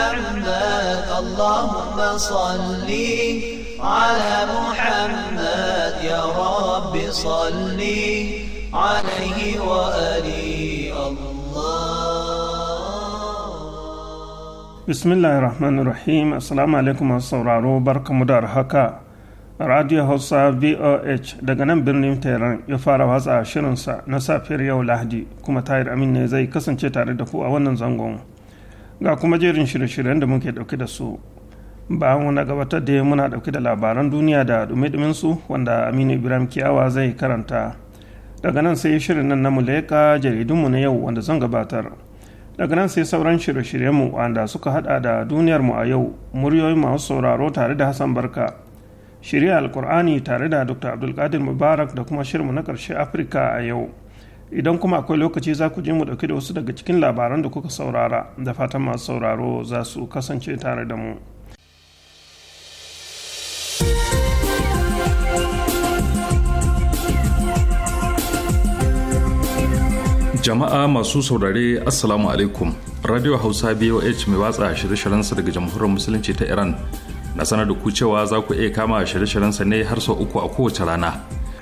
محمد اللهم صل على محمد يا رب صل عليه وآله bismillahir rahmanir rahim assalamu alaikum sauraro barkamu haka radio hausa voh daga nan birnin tehran ya fara watsa shirinsa na safiyar yau lahadi kuma tahir amin ne zai kasance tare da ku a wannan zangon ga kuma jerin shirye-shiryen da muke ɗauke da su Ba bayan na gabatar da muna ɗauke da labaran duniya da dumi su wanda aminu ibrahim kiyawa zai karanta daga nan sai shirin nan na muleka mu na yau wanda zan gabatar daga nan sai sauran shirye mu wanda suka hada da duniyar mu a yau muryoyi masu sauraro tare da hassan barka shirya alkur'ani tare da dr abdulkadir mubarak da kuma shirinmu na karshe afirka a yau idan kuma akwai lokaci za ku je mu dauke da wasu daga cikin labaran da kuka saurara da fatan masu sauraro za su kasance tare da mu jama'a masu saurare assalamu alaikum radio hausa boh mai watsa shirye-shiryensa daga jamhuriyar musulunci ta iran na sanar da ku cewa za ku iya kama shirye-shiryensa ne har sau uku a kowace rana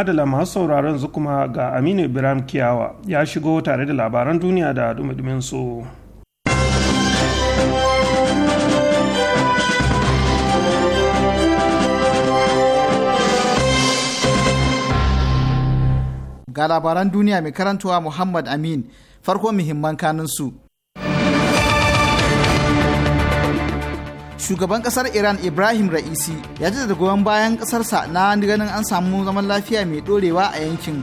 madala masu sauraron zu kuma ga aminu ibrahim kiyawa ya shigo tare da labaran duniya da dumadumin su ga labaran duniya mai karantawa muhammad amin farko muhimman kanunsu shugaban kasar iran ibrahim ra'isi ya ji da goyon bayan kasarsa na ganin an samu zaman lafiya mai dorewa a yankin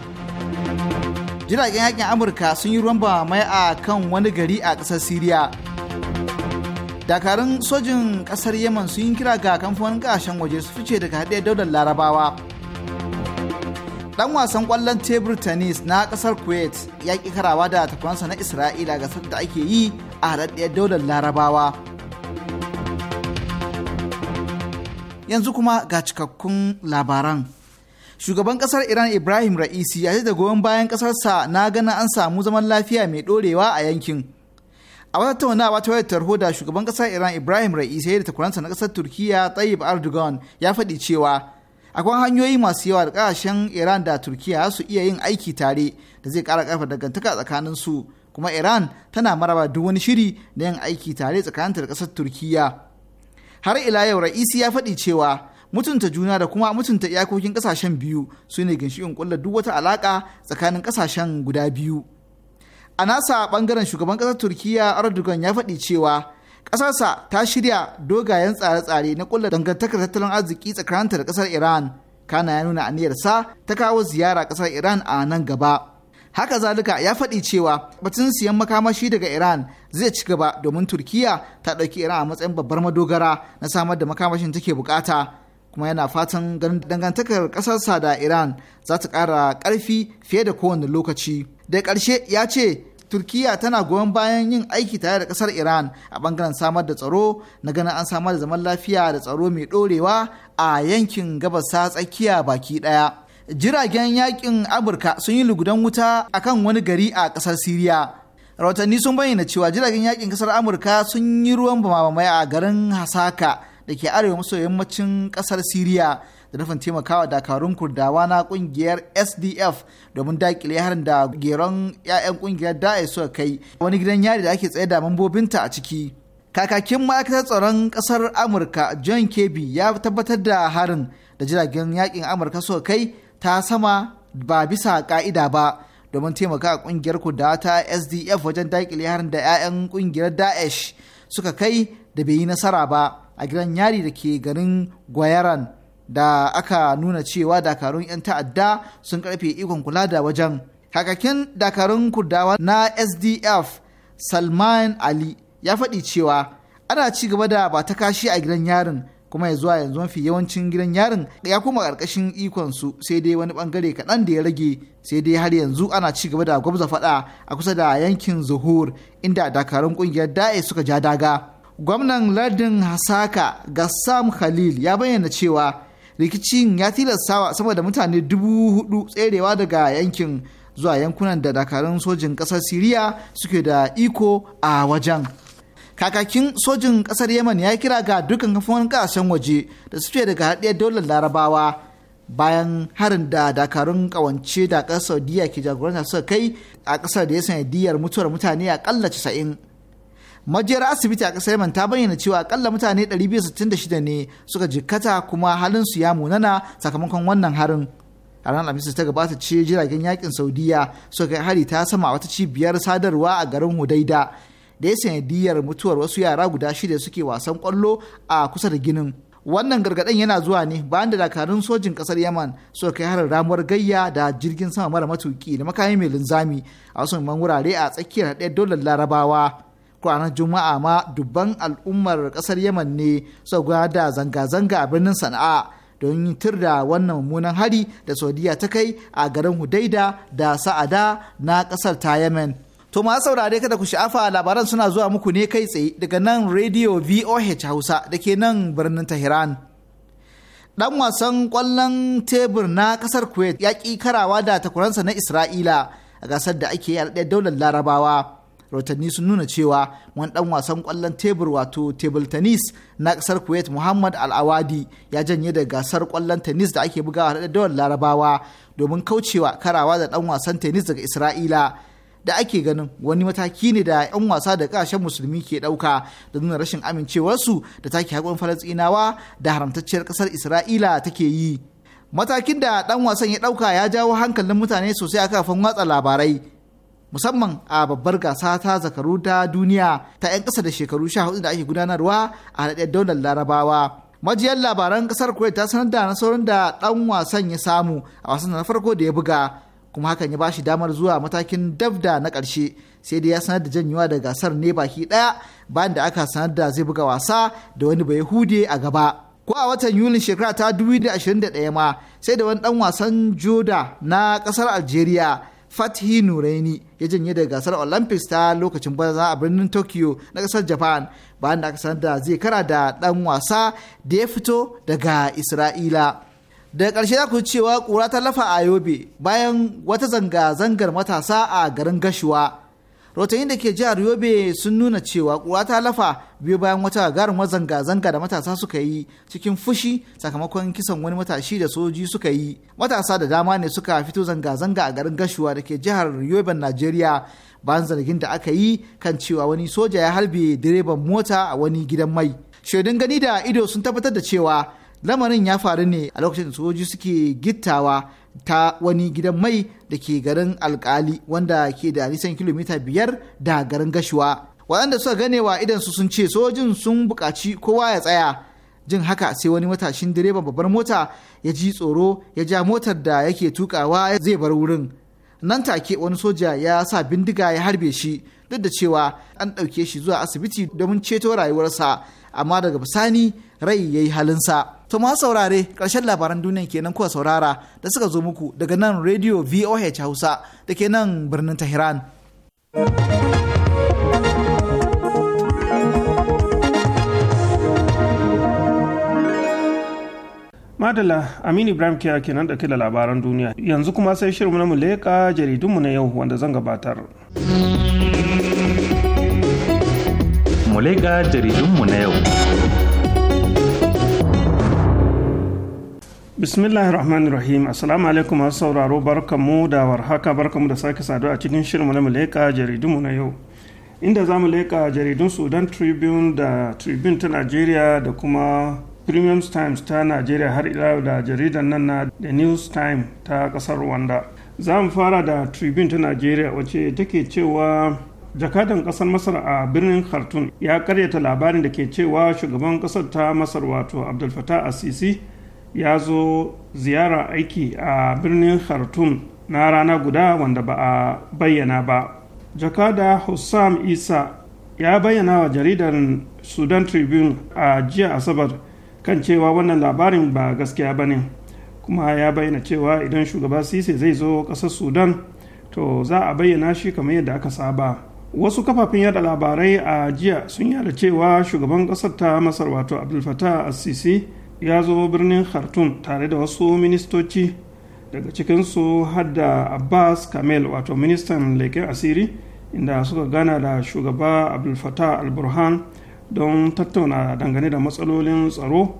jiragen yakin amurka sun yi ruwan mai a kan wani gari a kasar siriya dakarun sojin kasar yaman sun yi kira ga kamfanin kashen waje su fice daga haɗe daular larabawa dan wasan ƙwallon tebur tennis na kasar kuwait ya ƙi karawa da tafansa na isra'ila gasar da ake yi a haɗaɗɗiyar daular larabawa yanzu kuma ga cikakkun labaran shugaban kasar iran ibrahim ra'isi ya da goyon bayan kasarsa na gana an samu zaman lafiya mai dorewa a yankin a wata tattaunawa ta wayar tarho da shugaban kasar iran ibrahim ra'isi da takwaransa na kasar turkiya tayyip erdogan ya faɗi cewa akwai hanyoyi masu yawa da kasashen iran da turkiya su iya yin aiki tare da zai ƙara ƙarfa dangantaka tsakanin su kuma iran tana maraba duk wani shiri na yin aiki tare tsakanin da kasar turkiya har ila yau ra'isi ya faɗi cewa mutunta juna da kuma mutunta iyakokin ƙasashen biyu su ne ginshiƙin ƙulla duk wata alaƙa tsakanin ƙasashen guda biyu a nasa ɓangaren shugaban ƙasar turkiya erdogan ya faɗi cewa ƙasarsa ta shirya dogayen tsare-tsare na ƙulla dangantakar tattalin arziki tsakaninta da ƙasar iran kana ya nuna aniyarsa ta kawo ziyara ƙasar iran a nan gaba haka zalika ya faɗi cewa batun siyan makamashi daga iran zai ci gaba domin turkiya ta ɗauki iran a matsayin babbar madogara na samar da makamashin take bukata kuma yana fatan ganin dangantakar ƙasarsa da iran za ta ƙara ƙarfi fiye da kowane lokaci da ƙarshe ya ce turkiya tana goyon bayan yin aiki tare da ƙasar iran a bangaren samar da tsaro na ganin an samar da zaman lafiya da tsaro mai ɗorewa a yankin gabasa tsakiya baki ɗaya jiragen yakin amurka sun yi lugudan wuta akan wani gari a kasar siriya rahotanni sun bayyana cewa jiragen yakin kasar amurka sun yi ruwan bamamai a garin hasaka da ke arewa maso yammacin kasar siriya da nufin taimakawa dakarun kurdawa na kungiyar sdf domin dakile harin da geron 'ya'yan kungiyar da'a suka kai wani gidan yari da ake tsaye da mambobinta a ciki kakakin ma'aikatar tsaron kasar amurka john kirby ya tabbatar da harin da jiragen yakin amurka suka kai ta sama ba bisa ka'ida ba domin taimaka kungiyar da ta sdf wajen daƙile harin da 'ya'yan kungiyar daesh suka kai da bai yi nasara ba a gidan yari da ke garin gwayaran da aka nuna cewa dakarun 'yan ta'adda sun karfe ikon kula da wajen hakakin dakarun kurdawa na sdf salman ali ya faɗi cewa ana ci gaba da ba ta kashi a gidan yarin kuma ya zuwa yanzu mafi yawancin gidan yarin ya koma ƙarƙashin ikon su sai dai wani bangare kaɗan da ya rage sai dai har yanzu ana ci gaba da gwabza faɗa a kusa da yankin zuhur inda dakarun ƙungiyar da'e suka ja daga gwamnan lardin hasaka gassam khalil ya bayyana cewa rikicin ya tilasta sama da mutane dubu hudu tserewa daga yankin zuwa yankunan da dakarun sojin ƙasar siriya suke da iko a wajen. kakakin sojin kasar yemen ya kira ga dukkan kafin kasashen waje da su daga haɗiyar dole larabawa bayan harin da dakarun kawance da ƙasar saudiya ke jagoranta suka kai a ƙasar da ya sanadiyar mutuwar mutane a aƙalla casa'in majiyar asibiti a ƙasar yemen ta bayyana cewa aƙalla mutane 266 ne suka jikkata kuma halin su ya munana sakamakon wannan harin a ranar alhamis ta gabata ce jiragen yakin saudiya suka kai hari ta sama a wata cibiyar sadarwa a garin hudaida da ya sanadiyar mutuwar wasu yara guda shida suke wasan kwallo a kusa da ginin wannan gargaɗin yana zuwa ne bayan da dakarun sojin ƙasar yaman suka kai harin ramuwar gayya da jirgin sama mara matuki da makami mai linzami a wasu man wurare a tsakiyar haɗe dolar larabawa ranar juma'a ma dubban al'ummar ƙasar yaman ne suka gudanar da zanga-zanga a birnin sana'a don yin tir da wannan mummunan hari da saudiya ta kai a garin hudaida da sa'ada na ƙasar ta yamen To ma saurare kada ku sha'afa labaran suna zuwa muku ne kai tsaye daga nan Radio VOH Hausa da ke nan birnin Tehran. Dan wasan kwallon tebur na ƙasar Kuwait ya ƙi karawa da takurarsa na Isra'ila a gasar da ake yi a daular Larabawa. Rotanni sun nuna cewa wani dan wasan kwallon tebur wato table tennis na ƙasar Kuwait Muhammad Al-Awadi ya janye da gasar kwallon tennis da ake bugawa a daular Larabawa domin kaucewa karawa da ɗan wasan tennis daga Isra'ila. da ake ganin wani mataki ne da 'yan wasa da kasashen musulmi ke ɗauka da nuna rashin amincewarsu da take haƙon falasɗinawa da haramtacciyar ƙasar isra'ila take yi matakin da ɗan wasan ya ɗauka ya jawo hankalin mutane sosai a kafin watsa labarai musamman a babbar gasa ta zakaru ta duniya ta 'yan ƙasa da shekaru sha hudu da ake gudanarwa a haɗaɗɗen daular larabawa majiyar labaran ƙasar kuwait ta sanar da nasarar da ɗan wasan ya samu a wasan na farko da ya buga kuma hakan ya ba shi damar zuwa matakin dabda na ƙarshe sai dai ya sanar da janyuwa da gasar ne baki ɗaya bayan da aka sanar da zai buga wasa da wani bai hude a gaba. Ko a watan Yulin shekara ta 2021 ma sai da wani dan wasan Joda na ƙasar Algeria Fathi Nuraini ya janye da gasar Olympics ta lokacin baza a birnin Tokyo na ƙasar Japan bayan da aka sanar da zai kara da dan wasa da ya fito daga Isra'ila. daga ƙarshe za ku cewa ƙura ta lafa a yobe bayan wata zanga-zangar matasa a garin gashuwa rotanni da ke jihar yobe sun nuna cewa ƙura ta lafa biyu bayan wata garin zanga-zanga da matasa suka yi cikin fushi sakamakon kisan wani matashi da soji suka yi matasa da dama ne suka fito zanga-zanga a garin gashuwa da ke jihar yobe najeriya bayan zargin da aka yi kan cewa wani soja ya harbe direban mota a wani gidan mai shaidun gani da ido sun tabbatar da cewa lamarin ya faru ne a lokacin da sojoji suke gittawa ta wani gidan mai da ke garin alkali wanda ke da nisan kilomita biyar da garin gashuwa waɗanda suka ganewa idan su sun ce sojin sun buƙaci kowa ya tsaya jin haka sai wani matashin direban babbar mota ya ji tsoro ya ja motar da yake tukawa zai bar wurin nan take wani soja ya sa bindiga ya harbe shi duk da cewa an ɗauke shi zuwa asibiti domin ceto rayuwarsa amma daga bisani rai ya yi halinsa To ma saurare ƙarshen labaran duniya kenan kuwa saurara da suka zo muku daga nan Radio VOH Hausa da ke nan birnin Tehran. Madala Aminu Ibrahim Kiya kenan da da labaran duniya yanzu kuma sai shirin na muleka mu na yau wanda zan gabatar. Muleka jaridunmu na yau. bismillahi rahmanir rahim assalamu alaikum masu sauraro barkamu da warhaka barkamu da sake saduwa a cikin shirin na muleka jaridunmu na yau inda za mu leka jaridun sudan tribune da tribune ta nigeria da kuma premium times ta nigeria har ila da jaridan nan na the news time ta kasar rwanda za mu fara da tribune ta nigeria wacce take cewa jakadan kasar masar a birnin khartun ya karyata labarin da ke cewa shugaban kasar ta masar wato abdul asisi ya zo ziyara aiki a birnin khartoum na rana guda wanda ba a bayyana ba jakada hussam isa ya bayyana wa jaridar sudan tribune a jiya asabar kan cewa wannan labarin ba gaskiya ba ne kuma ya bayyana cewa idan shugaba sise zai zo ƙasar sudan to za a bayyana shi kamar yadda aka saba wasu kafafen yada labarai a jiya sun yada cewa shugaban ƙasar ta masar wato abdulfatah sisi ya zo birnin khartoum tare da wasu ministoci daga cikinsu hadda abbas kamel wato ministan leƙen asiri inda suka gana da shugaba abdulfatah al-burhan don tattauna dangane da matsalolin tsaro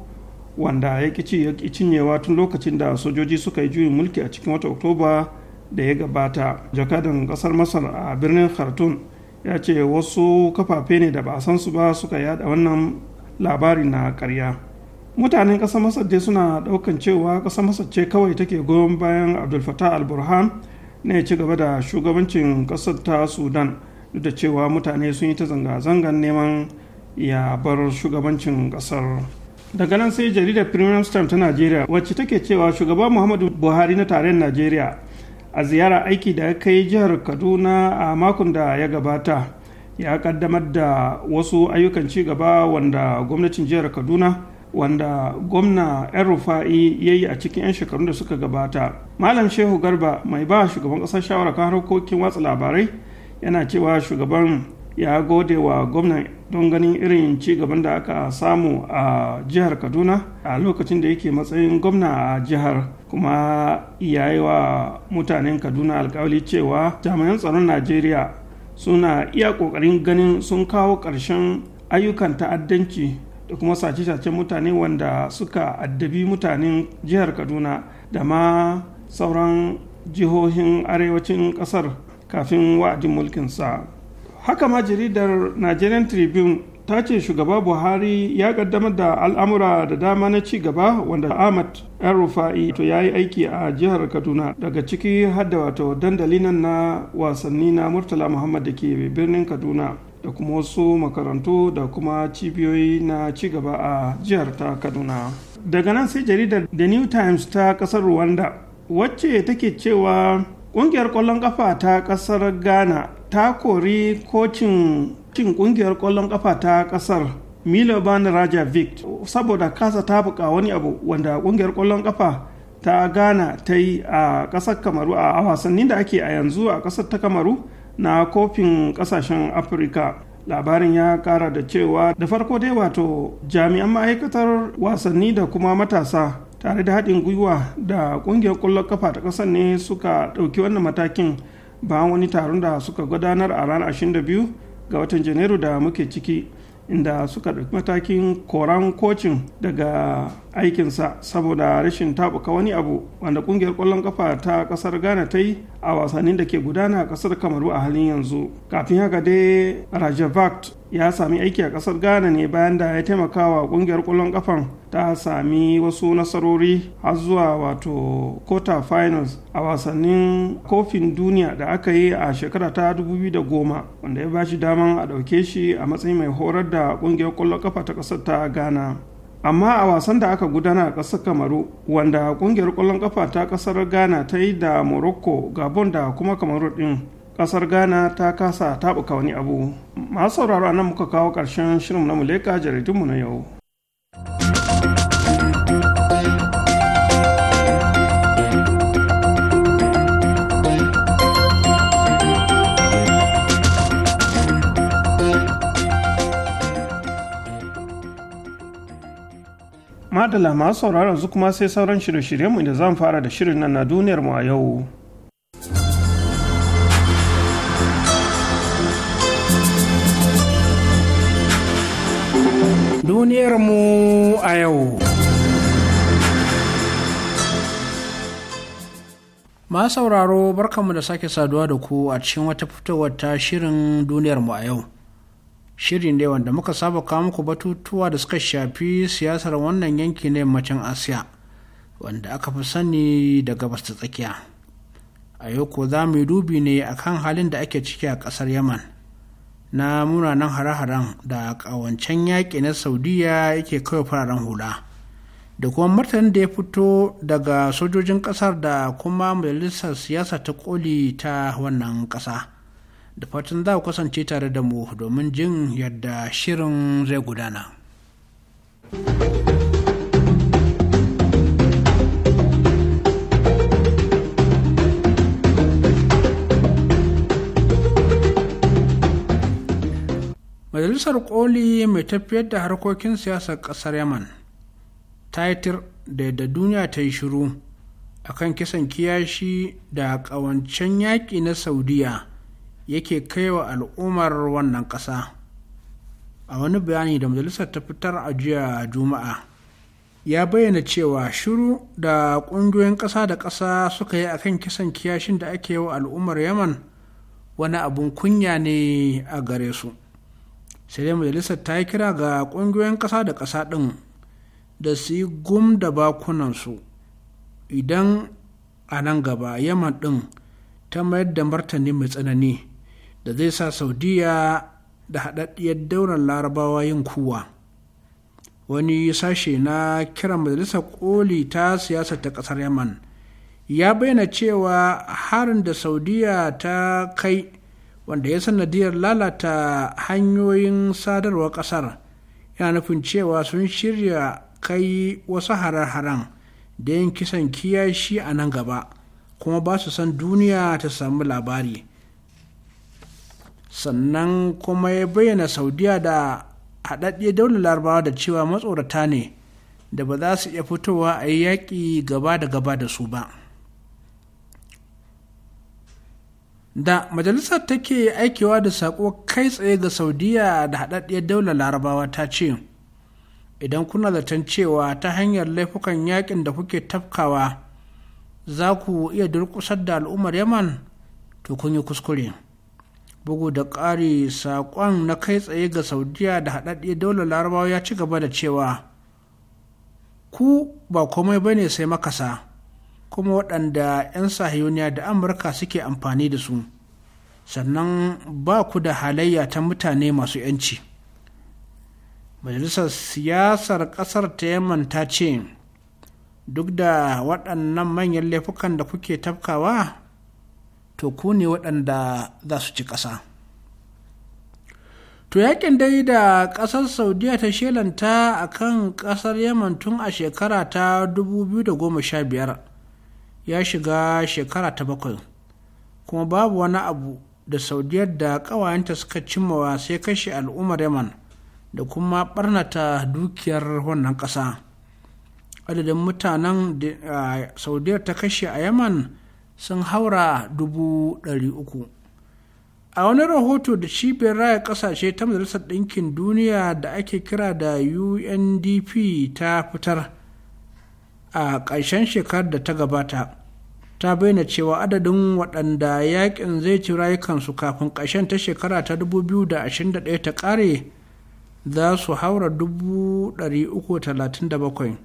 wanda ya ƙi cinyewa tun lokacin da sojoji suka yi juyin mulki a cikin wata oktoba da ya gabata jakadan ƙasar masar a birnin khartoum ya ce wasu kafafe ne da ba a san su ba suka yada wannan labari na karya mutanen ƙasar masar dai suna ɗaukan cewa ƙasar masar ce kawai take goyon bayan abdul fatah al-burhan ne ci gaba da shugabancin ƙasar ta sudan duk da cewa mutane sun yi ta zanga-zangar neman ya bar shugabancin ƙasar daga nan sai jaridar premium stamp ta najeriya wacce take cewa shugaba muhammadu buhari na tarayyar najeriya a ziyara aiki da ya kai jihar kaduna a makon da ya gabata ya kaddamar da wasu ayyukan ci gaba wanda gwamnatin jihar kaduna wanda gwamna yan rufa'i ya yi a cikin 'yan shekarun da suka gabata malam shehu garba mai ba shugaban ƙasar shawara kan harkokin watsa labarai yana cewa shugaban ya gode wa gwamna don ganin irin ci gaban da aka samu a jihar kaduna a lokacin da yake matsayin gwamna a jihar kuma ya yi wa mutanen kaduna alkawali cewa jami'an tsaron najeriya suna iya ƙoƙarin ganin sun kawo ƙarshen ayyukan ta'addanci da kuma sace-sacen mutane wanda suka addabi mutanen jihar kaduna da ma sauran jihohin arewacin kasar kafin wa'adin mulkinsa haka ma jaridar nigerian tribune ta ce shugaba buhari ya kaddamar da al'amura da dama na ci gaba wanda ahmad yan rufa'i to ya yi aiki a jihar kaduna daga ciki hadda wato dandali nan na wasanni na murtala muhammad da ke birnin kaduna da kuma wasu makarantu da kuma cibiyoyi na cigaba a jihar ta kaduna daga nan sai jaridar the new times ta kasar rwanda wacce take cewa kungiyar kwallon kafa ta kasar ghana ta kori kocin cin kungiyar kwallon kafa ta kasar raja vic saboda kasa ta buka wani abu wanda kungiyar kwallon kafa ta ghana ta yi a kasar kamaru a wasannin da ake a yanzu a kasar ta kamaru na kofin kasashen afirka labarin ya kara da cewa da farko dai wato jami'an ma'aikatar wasanni da kuma matasa tare da haɗin gwiwa da ƙungiyar ƙwallon kafa ta ƙasar ne suka ɗauki wannan matakin bayan wani taron da suka gudanar a ranar 22 ga watan janairu da muke ciki inda suka ɗauki matakin koran kocin daga aikinsa saboda rashin tabuka wani abu wanda ƙungiyar ƙwallon ƙafa ta ƙasar ghana ta yi a wasannin da ke gudana a ƙasar kamaru a halin yanzu kafin haka dai rajavakt ya sami aiki a kasar ghana ne bayan da ya taimaka wa kungiyar kwallon kafan ta sami wasu nasarori har zuwa wato Kota finals a wasannin kofin duniya da aka yi a shekara ta 2010 wanda ya bashi daman a ɗauke shi a matsayin mai horar da kungiyar kwallon kafa ta kasar ta ghana amma a wasan da aka gudana a ƙasar kamaru wanda kungiyar kwallon kafa ta ƙasar ghana ta yi da morocco gabon da kuma kamaru ɗin kasar ghana ta kasa a wani abu masu sauraro nan muka kawo ƙarshen shirin na muleka jaridunmu na yau madala masu sauraron su kuma sai sauran shirye-shiryenmu da zan fara da shirin nan na duniyarmu a yau Duniyarmu a yau. Ma sauraro barkanmu da sake saduwa da ku a cikin wata fitowar ta shirin duniyarmu a yau. Shirin ne wanda muka saba kawo muku batutuwa da suka shafi siyasar wannan yanki na yammacin Asiya, wanda aka fi sani da gabas ta tsakiya. A yau ko za mu yi dubi ne akan halin da ake ciki a ƙasar Yaman. na munanan hare-haren da ƙawancen yaƙi na saudiya yake kawai fararen hula da kuma martanin da ya fito daga sojojin ƙasar da kuma majalisar siyasa ta koli ta wannan ƙasa da fatan za ku kasance tare da mu domin jin yadda shirin zai gudana. majalisar koli mai tafiyar da harkokin siyasar ƙasar yaman taitir da yadda duniya ta yi shiru a kan kisan kiyashi da ƙawancen yaƙi na saudiya yake kaiwa al'ummar wannan ƙasa a wani bayani da majalisar ta fitar a jiya juma'a ya bayyana cewa shiru da ƙungiyoyin ƙasa da ƙasa suka yi akan kisan kiyashin da ake yi wa al'ummar yaman wani abun kunya ne a gare su. sai dai majalisar ta yi kira ga ƙungiyoyin ƙasa da ƙasa ɗin da su yi gum da bakunansu idan a nan gaba yaman ɗin ta mayar da martani mai tsanani da zai sa saudiya da haɗaɗɗiyar daular larabawa yin kuwa wani sashe na kiran majalisar koli ta siyasa ta ƙasar yaman ya bayyana cewa harin da saudiya ta kai wanda ya sanadiyar lalata hanyoyin sadarwar kasar yana nufin cewa sun shirya kai wasu harar haran da yin kisan kiyashi a nan gaba kuma ba su san duniya ta samu labari sannan kuma ya bayyana saudiya da haɗaɗɗe daular larabawa da cewa matsorata ne da ba za su iya fitowa a yi yaƙi gaba da gaba da su ba. da majalisar take aikewa da saƙo kai tsaye ga saudiya da haɗaɗɗiyar daular larabawa ta ce idan kuna zaton cewa ta hanyar laifukan yakin da kuke tafkawa za ku iya durƙusar da al'ummar yaman to kun yi kuskure bugu da ƙari saƙon na kai tsaye ga saudiya da haɗaɗɗiyar daular larabawa ya ci gaba da cewa ku ba komai bane sai makasa kuma waɗanda 'yan sahiyoniya da amurka suke amfani da su sannan ba ku da halayya ta mutane masu 'yanci majalisar siyasar ƙasar ta yaman ta ce duk da waɗannan manyan laifukan da kuke tafkawa to ku ne waɗanda za su ci ƙasa to yakin dai da ƙasar saudiya ta shelanta a kan ƙasar yaman tun a shekara ta 2015 ya shiga shekara ta bakwai kuma babu wani abu da saudiyar da ƙawayenta suka cimmawa sai kashe al'ummar yaman da kuma barnata dukiyar wannan ƙasa adadin mutanen da saudiyar ta kashe a yaman sun haura dubu ɗari uku a wani rahoto da cibiyar raya ƙasashe ta majalisar ɗinkin duniya da ake kira da undp ta fitar a ƙarshen shekarar da ta gabata ta bayyana cewa adadin waɗanda yakin zai ci rayukansu kafin ƙarshen ta shekara ta 2021 ta ƙare za su haura 337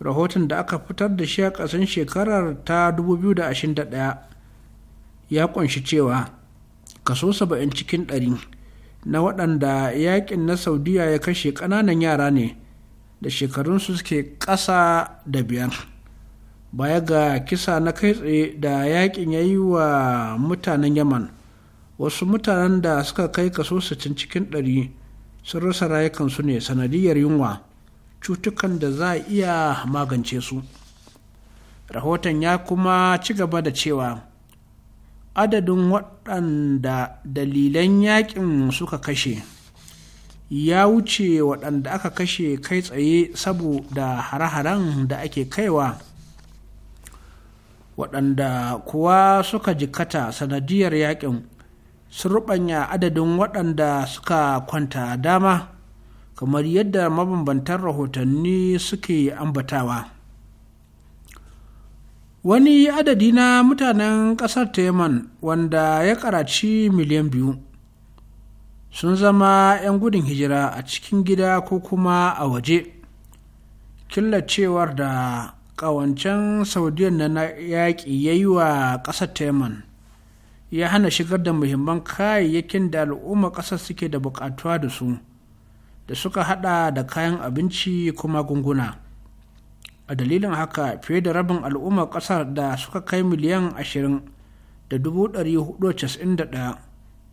rahoton da aka fitar da shi a ƙasan shekarar ta 2021 ya ƙunshi cewa kaso 70 cikin 100 na waɗanda yakin na saudiya ya kashe ƙananan yara ne da shekarunsu suke ƙasa da biyar baya ga kisa na kai tsaye da yakin ya yi wa mutanen yaman wasu mutanen da suka kai kaso 60 cikin 100 sun rasa rayukansu ne sanadiyar yunwa cutukan da za a iya magance su rahoton ya kuma ci gaba da cewa adadin waɗanda dalilan yakin suka kashe ya wuce waɗanda aka kashe kai tsaye saboda hare-haren da ake kaiwa waɗanda kuwa suka jikata sanadiyar yakin sun ruɓanya adadin waɗanda suka kwanta dama kamar yadda mabambantan rahotanni suke ambatawa wani adadi na mutanen ƙasar teman wanda ya karaci miliyan biyu sun zama 'yan gudun hijira a cikin gida ko kuma a waje killacewar da ƙawancen saudiya na yaƙi ya yi wa ƙasar teman ya hana shigar da muhimman kayayyakin da al'umma ƙasar suke da buƙatuwa da su da suka hada da kayan abinci kuma gunguna a dalilin haka fiye da rabin al'umma ƙasar da suka kai miliyan ashirin da dubu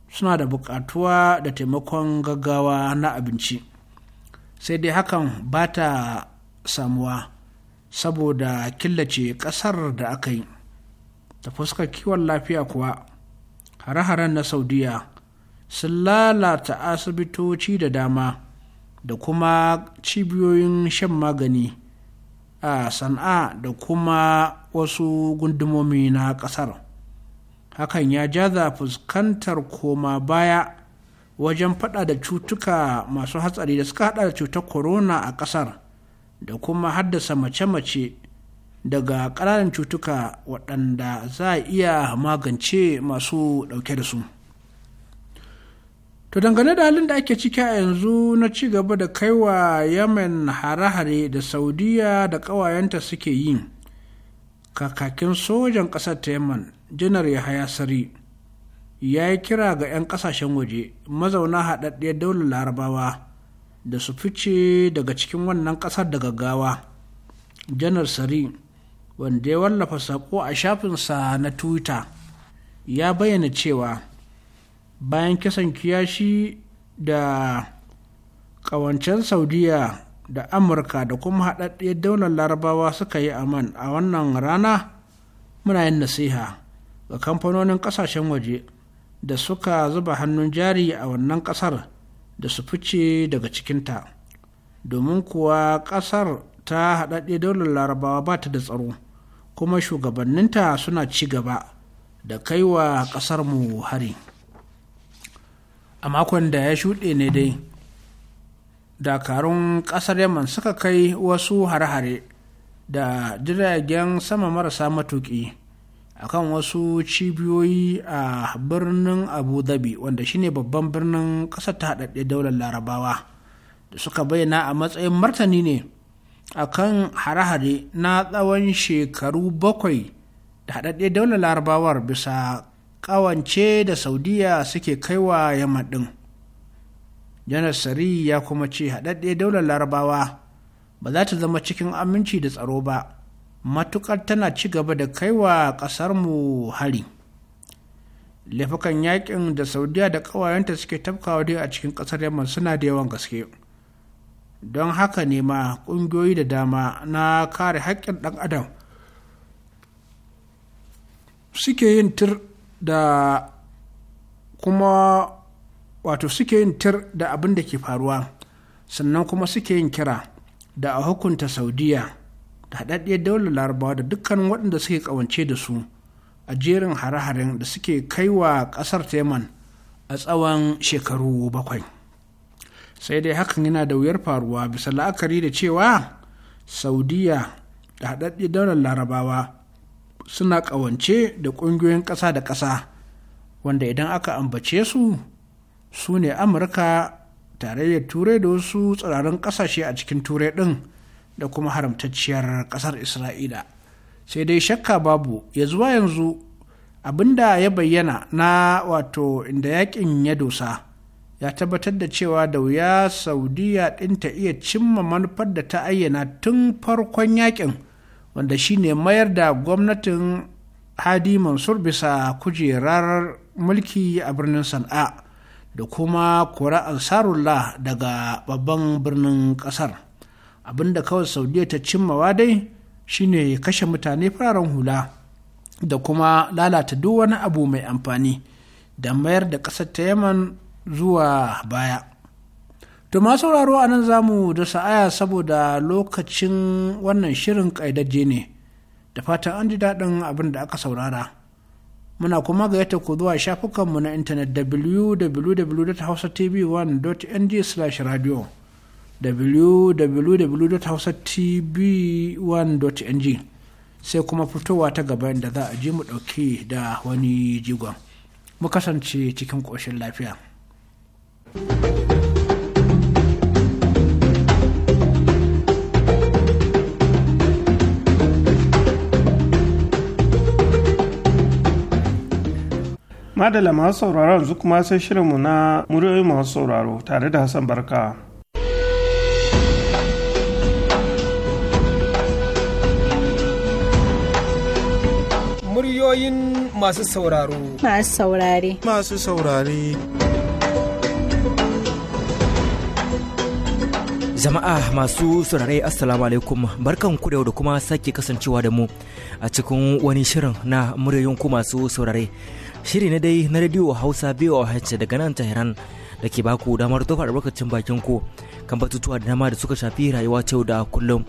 suna da buƙatuwa da taimakon gaggawa na abinci sai dai hakan ba ta samuwa saboda killace ƙasar da aka yi ta fuskar kiwon lafiya kuwa hare-haren na saudiya sun lalata asibitoci da dama da kuma cibiyoyin shan magani a sana'a da kuma wasu gundumomi na ƙasar hakan ya jaza fuskantar koma baya wajen fada da cutuka masu hatsari da suka hada da cutar corona a kasar da kuma haddasa mace-mace daga ƙananan cutuka waɗanda za a iya magance masu ɗauke da su to dangane da halin da ake ciki a yanzu na ci gaba da kaiwa yemen hare-hare da saudiya da ƙawayenta suke yi kakakin sojan ƙasar ta yamman janar yahaya sari ya yi kira ga 'yan ƙasashen waje mazauna haɗaɗɗiyar daular larabawa da su fice daga cikin wannan ƙasar da gaggawa janar sari wanda ya wallafa saƙo a shafinsa na twitter ya bayyana cewa bayan kisan kiyashi da ƙawancen saudiya da amurka da kuma haɗaɗɗiyar daular larabawa suka yi aman a wannan rana muna yin nasiha ga kamfanonin ƙasashen waje da suka zuba hannun jari a wannan ƙasar da su fice daga cikinta domin kuwa ƙasar ta haɗaɗɗiyar daular larabawa ba ta da tsaro kuma shugabanninta suna ci gaba da kai kaiwa ƙasarmu hari a makon da ya shuɗe ne dai dakarun kasar yaman suka kai wasu hare-hare da jiragen sama marasa matuƙi akan wasu cibiyoyi a birnin abu dhabi wanda shine babban birnin ƙasar ta haɗaɗɗe daular larabawa da suka bayyana a matsayin martani ne akan hare-hare na tsawon shekaru bakwai da haɗaɗɗe daular larabawar bisa ƙawance da saudiya suke kaiwa yamma ɗin. janar sari ya kuma ce haɗaɗɗe daular larabawa ba za ta zama cikin aminci da tsaro ba matuƙar tana ci gaba da kaiwa ƙasarmu hari laifukan yakin da saudiya da ƙawayenta suke tafkawa dai a cikin ƙasar yamman suna da yawan gaske don haka ne ma ƙungiyoyi da dama na kare haƙƙin ɗan adam suke yin tir da kuma wato suke yin tir da abin da ke faruwa sannan kuma suke yin kira da a hukunta saudiya da haɗaɗɗiyar daular larabawa da dukkan waɗanda suke ƙawance da su a jerin hare-haren da suke kai wa ƙasar teman a tsawon shekaru bakwai sai dai hakan yana da wuyar faruwa bisa la'akari da cewa saudiya da haɗaɗɗiyar daular larabawa suna ƙawance da ƙungiyoyin ƙasa da ƙasa wanda idan aka ambace su su ne amurka tarayyar turai da wasu tsirarin kasashe a cikin turai ɗin da kuma haramtacciyar ƙasar isra'ila sai dai shakka babu ya zuwa yanzu abinda ya bayyana na wato inda yakin ya dosa ya tabbatar da cewa da wuya saudiya ɗin ta iya cimma manufar da ta ayyana tun farkon yakin wanda shine mayar da gwamnatin hadi mansur bisa kujerar mulki a birnin sana'a da kuma kora ansarullah daga babban birnin kasar abinda kawai saudiya ta cimmawa dai shine kashe mutane fararen hula da kuma lalata duk wani abu mai amfani da mayar da ƙasar ta yaman zuwa baya to ma sauraro a nan za mu da sa'aya saboda lokacin wannan shirin ƙaidaje ne da fatan an ji daɗin abin da aka saurara muna kuma gayyata ku zuwa shafukanmu na intanet www.hausatv1.ng/radio www.hausatv1.ng sai kuma fitowa ta gaba da za a ji mu ɗauki da wani jigon mu kasance cikin ƙoshin lafiya. thank you madala masu sauraro yanzu kuma sai shirinmu na muryoyi masu sauraro tare da hassan barka muryoyin masu sauraro masu saurare masu saurare Jama'a masu saurare Assalamu alaikum barkan ku da da kuma sake kasancewa da mu a cikin wani shirin na muryoyin ku masu saurare shiri na dai na radio hausa voh daga nan tehran da ke baku damar tofa albarkacin bakin ku kan batutuwa da dama da suka shafi rayuwa ta yau da kullum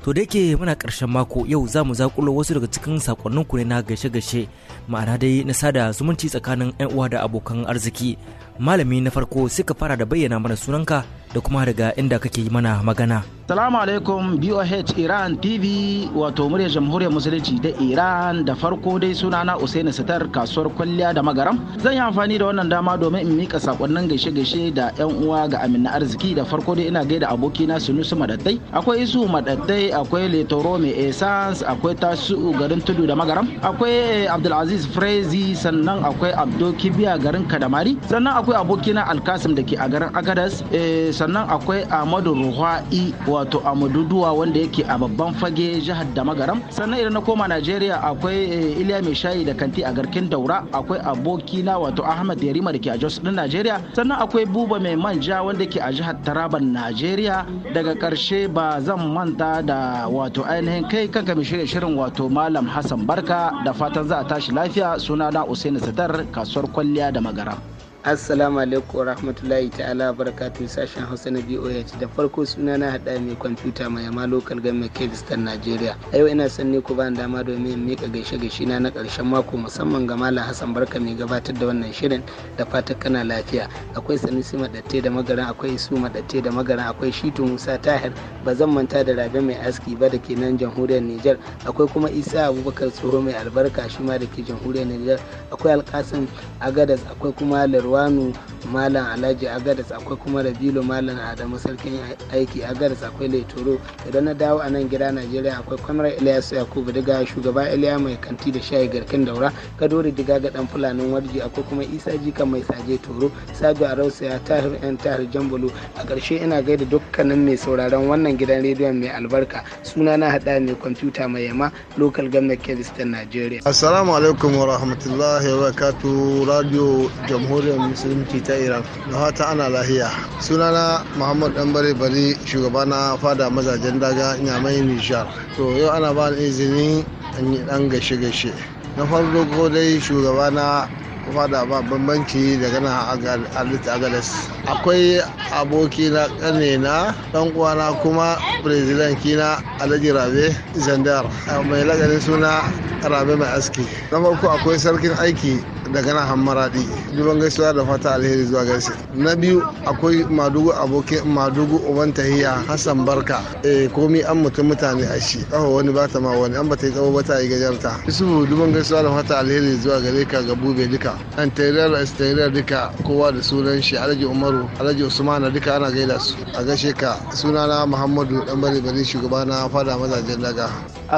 to da yake muna karshen mako yau za mu zakulo wasu daga cikin sakonnin ku ne na gashe-gashe ma'ana dai na sada zumunci tsakanin 'yan uwa da abokan arziki malami na farko suka fara da bayyana mana sunanka da kuma daga inda kake yi mana magana. Salamu alaikum BOH Iran TV wato murya jamhuriyar musulunci da Iran da farko dai suna na Usaini Sitar kasuwar kwalliya da magaram. Zan yi amfani da wannan dama domin in mika sakonnin gaishe-gaishe da yan uwa ga Amina Arziki da farko dai ina gaida abokina Sunusu Madattai. Akwai Isu maɗattai, akwai Letoro Mai Essence, akwai Tasu garin Tudu da magaram, akwai eh, Abdulaziz Frezi sannan akwai Abdo Kibiya garin Kadamari, sannan akwai abokina alkasim da ke a garin agadas eh, sannan akwai amadu ruha'i wato amadu duwa wanda yake a babban fage jihar magaram sannan idan na koma najeriya akwai eh, iliya mai shayi da kanti a garkin daura akwai abokina wato ahmad yarima da ke a jos din najeriya sannan akwai buba mai manja wanda ke a jihar taraban najeriya daga karshe ba zan manta da wato ainihin kai kanka mai shirya shirin wato malam hassan barka da fatan za a tashi lafiya suna na usaini satar kasuwar kwalliya da magara. assalamu alaikum rahmatullahi ta'ala barakatu sashen hausa na boh da farko suna na hada mai kwamfuta mai yama lokal government ta nigeria a yau ina son ne ku ba dama domin in mika gaishe gaishe na na karshen mako musamman ga malam hassan barka mai gabatar da wannan shirin da fatan kana lafiya akwai sanusi madatte da magaran akwai isu madatte da magaran akwai shitu musa tahir ba zan manta da rabe mai aski ba da ke nan jamhuriyar niger akwai kuma isa abubakar tsoro mai albarka shi ma da ke jamhuriyar niger akwai alkasim agadas akwai kuma larwa lawanu malam alhaji agadas akwai kuma rabilu malam adamu sarkin aiki agadas akwai laitoro idan na dawo a nan gida najeriya akwai kwamar ilyasu yakubu daga shugaba iliya mai kanti da shayi garkin daura kadori diga ga dan fulanin warji akwai kuma isa jika mai saje toro sabi arausa ya tahir yan tahir jambulu a karshe ina gaida dukkanin mai sauraron wannan gidan rediyon mai albarka suna na hada mai kwamfuta mai yama local government kiristan najeriya assalamu alaikum wa rahmatullahi wa barakatuh radio jamhuriyar musulunci ta iran da fata ana lahiya sunana muhammad dan bari shugaba na fada mazajen daga nyamai nijar to yau ana ba izini an yi dan gashe gashe na farko dai shugaba na kuma da ba bambanci daga nan agalas. akwai aboki na kane na dan uwana kuma brazilian kina alaji rabe zandar mai lagarin suna rabe mai aski na farko akwai sarkin aiki daga nan hammaradi duban gaisuwa da fata alheri zuwa gaisu na biyu akwai madugu abokin madugu uban tahiya hassan barka eh komi an mutum mutane a shi kawo wani ba ta ma wani an ba ta yi tsawo ba ta yi gajarta yusufu duban gaisuwa da fata alheri zuwa gare ka ga bube duka An anterior exterior duka kowa da sunan shi alhaji umaru alhaji usmana duka ana gaida su a gashe ka sunana muhammadu dan bari bari shugaba na fada mazajen daga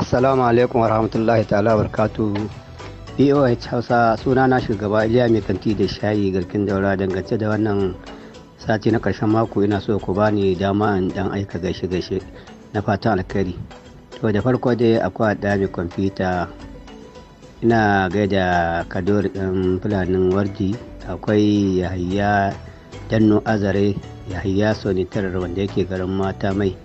assalamu alaikum warahmatullahi ta'ala barkatu boh hausa sunana shugaba iliya mai kanti da shayi garkin daura dangance da wannan sati na karshen mako ina so ku bani dama in dan aika gaishe gaishe na fatan alkhairi to da farko dai akwai da mai kwamfuta ina gaida kadori ɗin um, fulanin wardi akwai yahaya danno azare yahaya sonitar wanda yake garin mata mai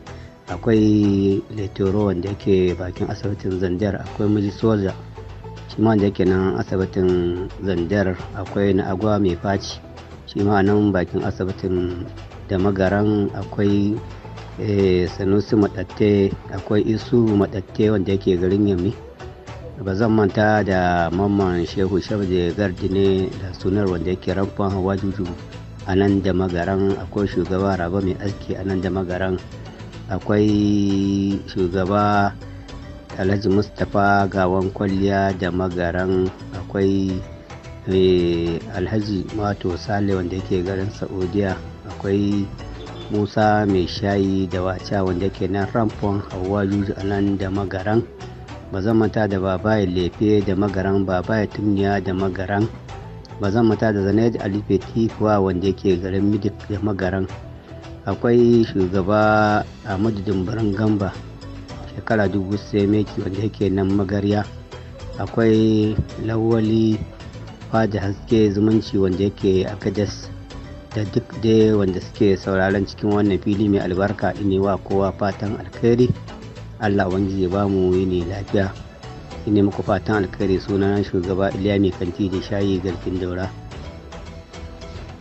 akwai letoro wanda yake bakin asibitin zandar akwai miji soja shi ma wanda yake nan asibitin zandar akwai na agwa mai faci shi ma nan bakin asibitin da magaran akwai eh, sanusi matatte akwai isu matatte wanda yake garin yammi ba zan manta da mamman shehu shabda gardi ne da sunar wanda yake ramfan hawa juju a nan da magaran akwai shugaba raba mai aski a nan da magaran akwai shugaba alhaji mustapha gawan kwalliya da magaran akwai eh, alhaji mato sale wanda yake garin saudiya akwai musa mai shayi da wacha wanda yake nan ramfan hawa juju a nan da magaran ba zan da babaye lefe da magaran babaye tumniya da magaran ba zan da zanaid alifeti kuwa wanda yake garin midik da magaran akwai shugaba ahmadu birnin gamba shekara dubu meki wanda yake nan magarya akwai lawali fada haske zumunci wanda yake akadas da duk dai wanda suke sauraron cikin wannan fili mai albarka inewa kowa fatan alkhairi allah wani ya ba mu ne lafiya ne muku fatan alkhairi sunana shugaba iliya mai kanti da shayi garkin daura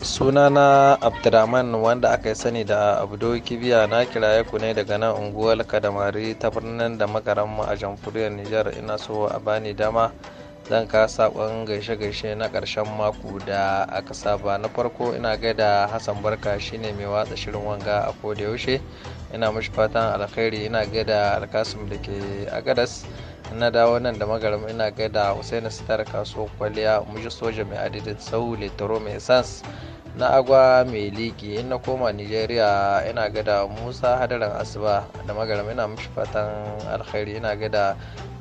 sunana abdulrahman wanda aka yi sani da abdo kibiya na kiraye ku ne daga nan unguwar kadamari ta birnin da mu a jamhuriyar nijar ina so a bani dama zan ka sakon gaishe-gaishe na karshen mako da aka saba na farko ina gaida hassan barka shine mai watsa shirin wanga a ko da yaushe ina mashi fatan alkhairi ina gaida alkasim da ke agadas na dawo nan da magarin ina gaida hussein sitar kaso kwaliya muji soja mai adidin sau letaro mai sans na agwa mai liki in na koma nigeria ina gada musa hadarin asuba da magarin ina mashi fatan alkhairi ina gada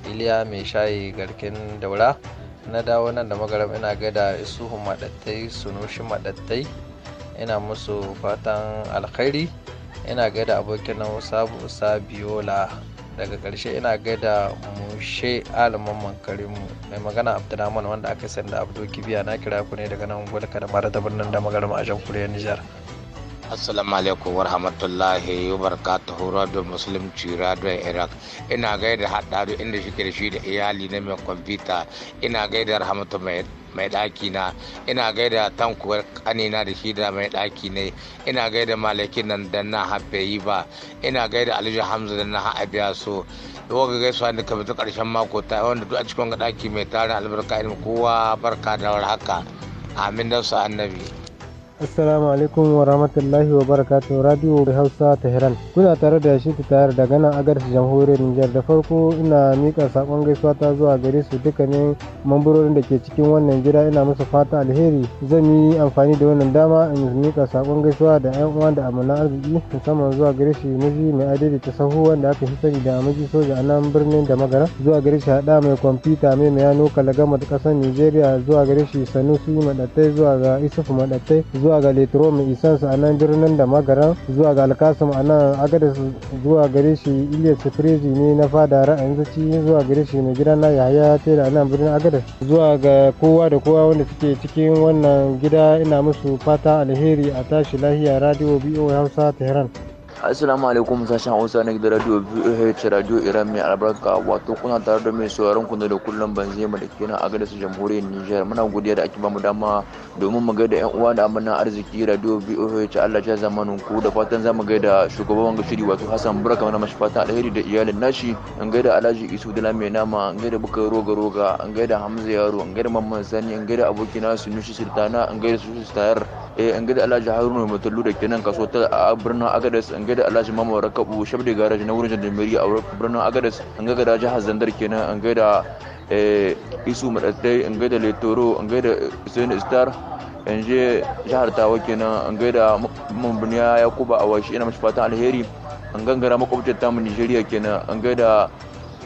iliya mai shayi garkin daura na dawo nan da magarin ina gada isuhu madattai sunushi madattai ina musu fatan alkhairi ina gaida abokin nan sabu sabiola daga karshe ina gaida mushe aliman karimu mai magana abdulrahman wanda aka sanda abdo kibiya na kira ku ne daga nan gwalka da mara da birnin da magarma a jamhuriyar nijar assalamu alaikum wa rahmatullahi wa barakatuhu radio muslim radio iraq ina gaida haɗaru inda shi da shi da iyali na mai kwamfuta ina gaida rahmatu mai mai ɗaki na ina gaida tankuwar kanina da shida mai ɗaki ne ina gaida malakin nan da na haɓe yi ba ina gaida alhaji hamza da na haɓe so yau gaisuwa da kamar ƙarshen mako ta wanda duk a cikin ɗaki mai tarin albarka irin kowa barka da haka amin da annabi Assalamu alaikum wa rahmatullahi wa barakatuh Radio Hausa Tehran. Kuna tare da shi ta tayar daga nan garsu jamhuriyar Nijar da farko ina mika sakon gaisuwa ta zuwa gare su dukkanin mamburorin da ke cikin wannan gida ina musu fata alheri. Zan yi amfani da wannan dama in mika sakon gaisuwa da yan uwa da amana arziki musamman zuwa gare shi miji mai adadi ta sahu wanda aka fi sani da miji soja a nan birnin da magara zuwa gare shi haɗa mai kwamfuta mai mai yano kalagama ta ƙasar Nijeriya zuwa gare shi Sanusi madatai zuwa ga Isufu zuwa ga letro mai isansu a birnin da magaran zuwa ga alkasim a nan agadis zuwa gare shi iliya sifirizi ne na fada ra'ayin zaci zuwa gare shi mai gidan na yahaya ta da nan birnin agadis zuwa ga kowa da kowa wanda suke cikin wannan gida ina musu fata alheri a tashi lahiya radio bo hausa tehran Assalamu alaikum sashen Hausa na gidan radio VOH radio Iran mai albarka wato kuna tare da mai sauraron ku da kullum banzema da ke nan a gadar jamhuriyar Nijar muna godiya da ake bamu dama domin mu gaida yan uwa da amana arziki radio VOH Allah ya zamanu ku da fatan zamu gaida shugaban wanga shiri wato Hassan Burka mana mashi fatan alheri da iyalin nashi an gaida Alhaji Isu Dala mai nama an gaida Bukar Roga Roga an gaida Hamza Yaro an gaida Mamman Sani an gaida abokina Sunushi Sultana an gaida Sunushi Tayar eh an gada alhaji haruna mai tullu da kenan kaso ta a birnin agadas an gada alhaji mama rakabu shabda garaji na wurin jandarmeri a birnin agadas an gada jihar zandar kenan an gada eh, isu madaddai an gada letoro an gada zain star an je jihar tawa kenan an da mambuniya yakuba a washi ina mashi fatan alheri an gangara ta tamu nigeria kenan an da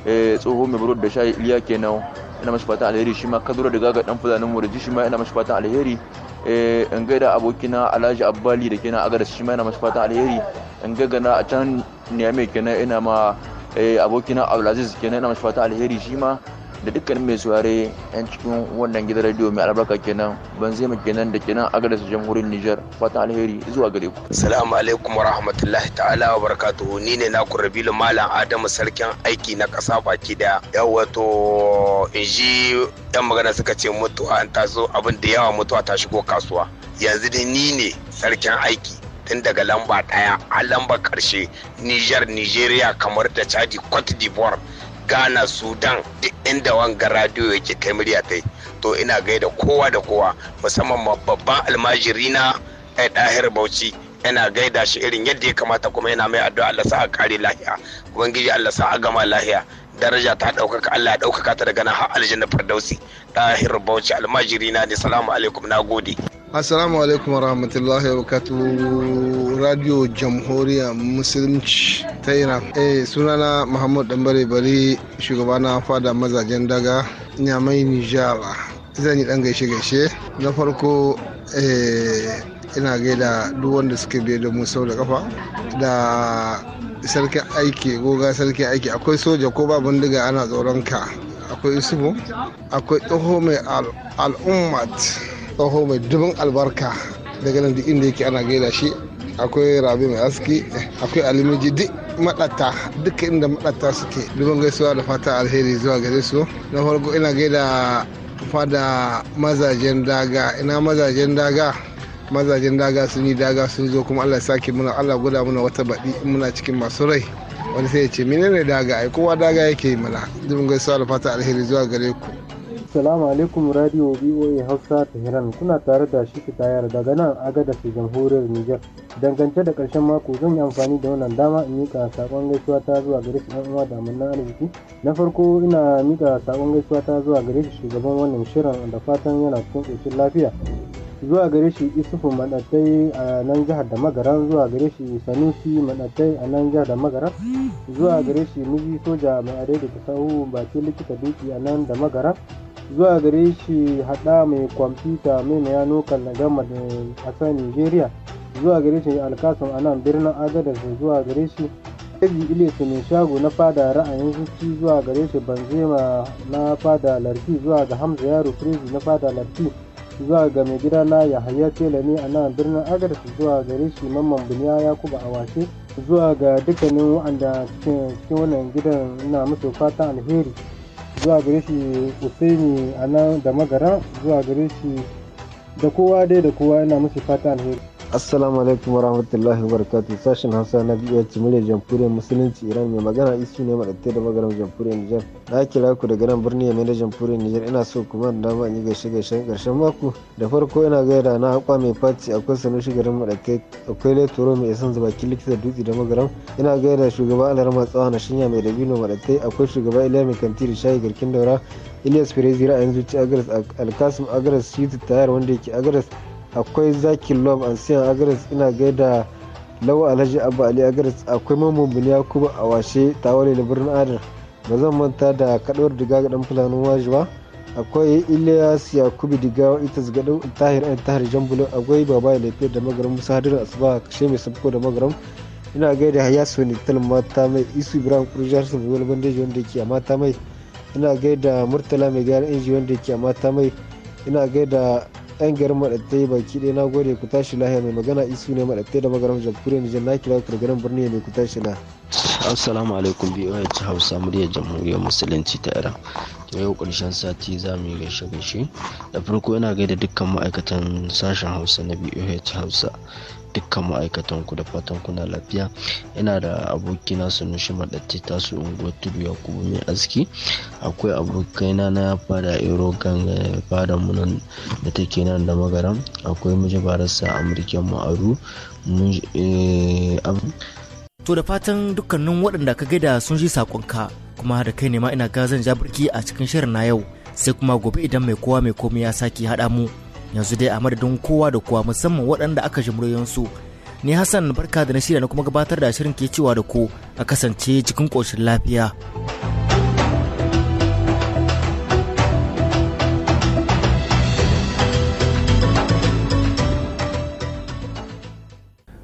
eh, tsoho mai burod da shayi iliya kenan ina mashi fatan alheri shi ma kadura da gaga dan fulanin mu da shi ma ina mashi fatan alheri Eh, in gaida abokina alhaji abbali da kenan agar shi mai na masu fatan alheri in gana a can mai kenan ina ma eh, abokina abdulaziz kenan ina masu fatan alheri shi ma da dukkanin mai saurare yan cikin wannan gidan radio mai albarka kenan ban zai mu kenan da kenan a gadar jamhuriyar Nijar fatan alheri zuwa gare ku assalamu alaikum warahmatullahi ta'ala wa barakatuhu ni ne naku Rabilu Malam Adamu sarkin aiki na kasa baki da yawa inji in yan magana suka ce mutuwa an taso abin da yawa mutuwa ta shigo kasuwa yanzu dai ni ne sarkin aiki tun daga lamba daya a lamba karshe Nijar, Nigeria kamar da Chadi, Cote d'Ivoire ghana sudan duk inda wanga radio yake kai murya kai. to ina gaida kowa da kowa musamman babban almajiri na ɗahir eh, bauchi ina gaida shi irin yadda ya kamata kuma yana mai addu'a Allah sa a kare lahiya ubangiji Allah sa a gama lahiya daraja ta ɗaukaka Allah ya ɗaukaka ta daga nan har aljanna firdausi ɗahir bauchi almajiri na ne salamu alaikum na gode assalamu alaikum warahmatullahi wabarakatuh radio jamhuriya musulunci ta iran eh sunana muhammad dambare bari shugaba na fada mazajen daga nyamai nijara zan yi dan gaishe gaishe na farko eh ina gaida duk wanda suke biye da mu sau da kafa da sarki aiki goga sarki aiki akwai soja ko ba bindiga ana tsoron ka akwai isubu akwai tsoho mai al'ummat tsoho mai dubin albarka daga nan duk inda yake ana gaida shi akwai rabi mai aski akwai alimiji duk maɗata duka inda madata suke dubin gaisuwa da fata alheri zuwa gare su na farko ina gaida fada mazajen daga ina mazajen daga mazajen daga sun yi daga sun zo kuma allah sake muna allah guda muna wata baɗi muna cikin masu rai wani sai ya ce menene daga ai kowa daga yake mana dubin gaisuwa da fata alheri zuwa gare ku Assalamu alaikum Radio BOA Hausa Tehran kuna tare da shi tayar daga nan da su jamhuriyar Nijar. Dangance da ƙarshen mako zan yi amfani da wannan dama in mika sakon gaisuwa ta zuwa gare shi ɗan uwa da munna arziki. Na farko ina mika sakon gaisuwa ta zuwa gare shi shugaban wannan shirin da fatan yana cikin ƙoshin lafiya. zuwa gare shi isufu maɗatai a nan jihar da magaran zuwa gare shi sanusi maɗatai a nan jihar da magaran zuwa gare shi miji soja mai adai da sahu baki likita duki a nan da magaran zuwa gare shi hada mai kwamfuta mai yano gama da kasar nigeria zuwa gare shi a nan birnin da zuwa gare shi Eji su mai shago na fada ra'ayin zuci zuwa gare shi Banzema na fada larki zuwa ga Hamza Yaro Prezi na fada larki zuwa ga mai gida na Yahaya Tela ne a nan birnin Agadez zuwa gare shi Mamman Buniya a Awace zuwa ga dukkanin wa'anda cikin wannan gidan ina musu fatan alheri. zuwa gare shi usaini a nan da magara zuwa gare shi da kowa dai da kowa yana musu fata alheri assalamu alaikum warahmatullahi wabarakatuh sashen hausa na biyu wacce murya jamhuriyar musulunci iran mai magana isu ne maɗatte da magaram jamhuriyar nijar na kira ku daga nan birni mai da jamhuriyar nijar ina so kuma da dama in yi gaishe gaishen ƙarshen mako da farko ina gaida na akwa mai faci akwai sanu shugaban maɗatte akwai leturo mai isan bakin likita dutse da magaram ina gaida shugaba alarma tsawa na shinya mai dabino maɗatte akwai shugaba iliya mai da shayi garkin daura ilyas firezi yanzu zuci agaras alkasim agaras shi tayar wanda yake agaras akwai zaki love an siyan agares ina gaida lawa alhaji abba ali agares akwai mamumbin kuma a washe tawale da birnin adar ba zan manta da kaɗuwar diga ga dan fulanin waji ba akwai ilyas yakubu diga ita dau tahir an tahir jambulo akwai baba lafiya da magaram musa hadirin asuba kashe mai sabko da magaram ina gaida haya tal mata mai isu ibrahim kurjar sun zuwa bandeji wanda ke a mata mai ina gaida murtala mai gyara inji wanda ke a mata mai ina gaida yan garin maɗattai baki ɗaya na gode ku tashi lahiya mai magana isu ne maɗattai da magaram jamhuriyar nijar na kira ku garin birni mai ku tashi na assalamu alaikum ci hausa muryar jamhuriyar musulunci ta iran to yau ƙarshen sati za mu yi gaishe gaishe da farko yana gaida dukkan ma'aikatan sashen hausa na boh hausa dukkan ma'aikatan ku da fatan kuna lafiya ina da abokina sunushi ta su unguwar tudu ya ku mai aski akwai abokai na fada erogan fada mu nan da take nan da magaram akwai mujabararsa amurken ma'aru eh, To da fatan dukkanin waɗanda ka gaida sun ji saƙonka kuma da kai ne ma ina gazan birki a cikin shirin na yau sai kuma gobe idan mai kowa mai komai ya sake haɗa mu yanzu dai a madadin kowa da kowa musamman waɗanda aka su ne hassan barka da na shirya na kuma gabatar da shirin ke cewa da ku a kasance cikin ƙoshin lafiya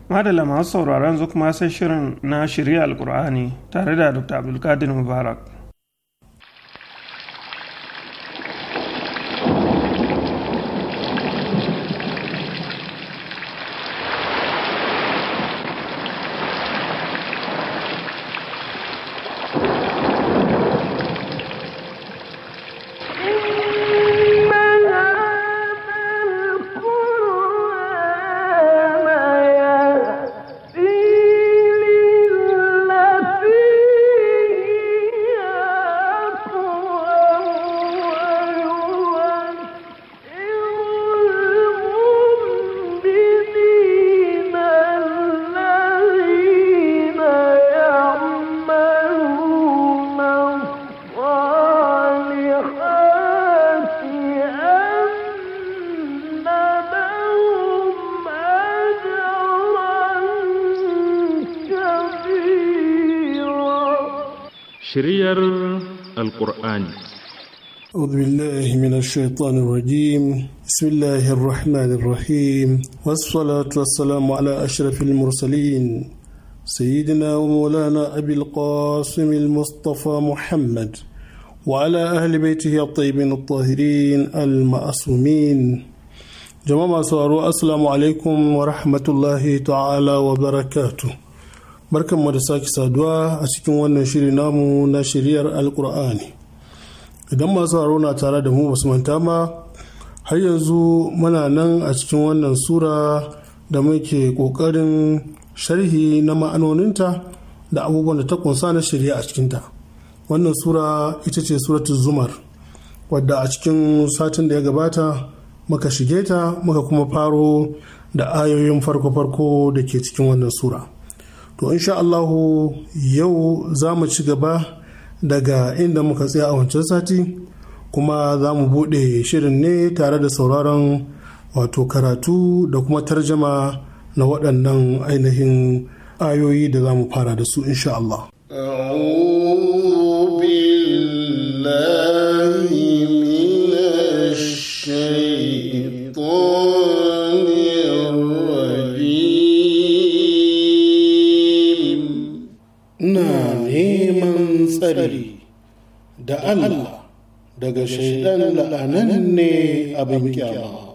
madala masu sauraron zukuma sai shirin na shirya alkur'ani tare da dr abdulkadir mubarak القرآن أعوذ بالله من الشيطان الرجيم بسم الله الرحمن الرحيم والصلاة والسلام على أشرف المرسلين سيدنا ومولانا أبي القاسم المصطفى محمد وعلى أهل بيته الطيبين الطاهرين المعصومين جماعة sauraro السلام عليكم ورحمة الله تعالى وبركاته بركة مدساك سادوا sake saduwa نامو نشرير القرآن idan masu sauraro na tare da mu basu manta ma har yanzu muna nan a cikin wannan sura da muke ƙoƙarin sharhi na ma'anoninta da abubuwan da ta kunsa na shirya a cikinta wannan sura ita ce suratul zumar wadda a cikin satin da ya gabata muka shige ta muka kuma faro da ayoyin farko-farko da ke cikin wannan sura to insha Allahu yau za mu ci gaba daga inda muka tsaya a wancan sati kuma za mu buɗe shirin ne tare da sauraron wato karatu da kuma tarjama na waɗannan ainihin ayoyi da za mu fara da su insha Allah. tsari da Allah daga shaidan la'anan ne abin kyama.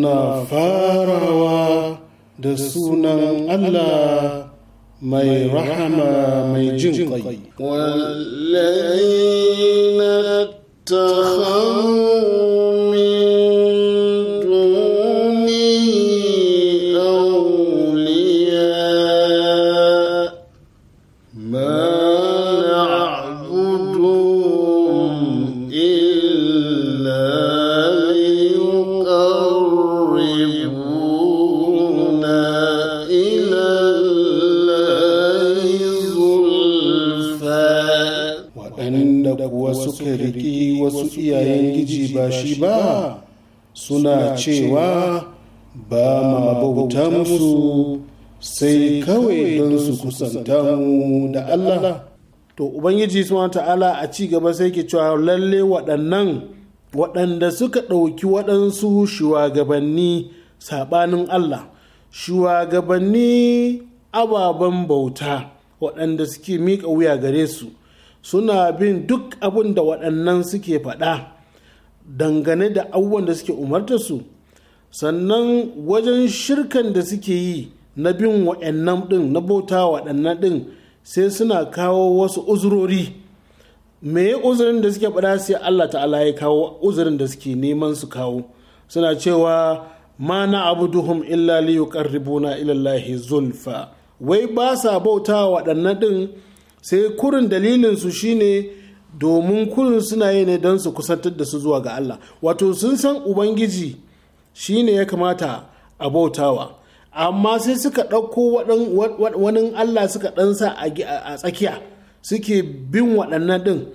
Na farawa da sunan Allah mai rahama mai jin ƙai. تخم kusanta da Allah to ubangiji subhanahu ta'ala a ci gaba sai ke cewa lalle waɗannan waɗanda suka ɗauki waɗansu shugabanni saɓanin Allah shugabanni ababen bauta waɗanda suke miƙa wuya gare su suna bin duk abin da waɗannan suke faɗa dangane da abubuwan da suke umarta su sannan wajen shirkan da suke yi na bin wa'annan ɗin na bauta waɗannan ɗin sai suna kawo wasu uzurori me uzurin da suke faɗa sai Allah ta'ala ya kawo uzurin da suke neman su kawo suna cewa ma na abuduhum illa li yuqarribuna ila Allahi zulfa wai ba sa bauta waɗannan ɗin sai kurin dalilin su shine domin kurin suna yi ne don su kusantar da su zuwa ga Allah wato sun san ubangiji shine ya kamata a bautawa amma sai suka ɗauko wani allah suka ɗansa a tsakiya suke bin waɗannan ɗin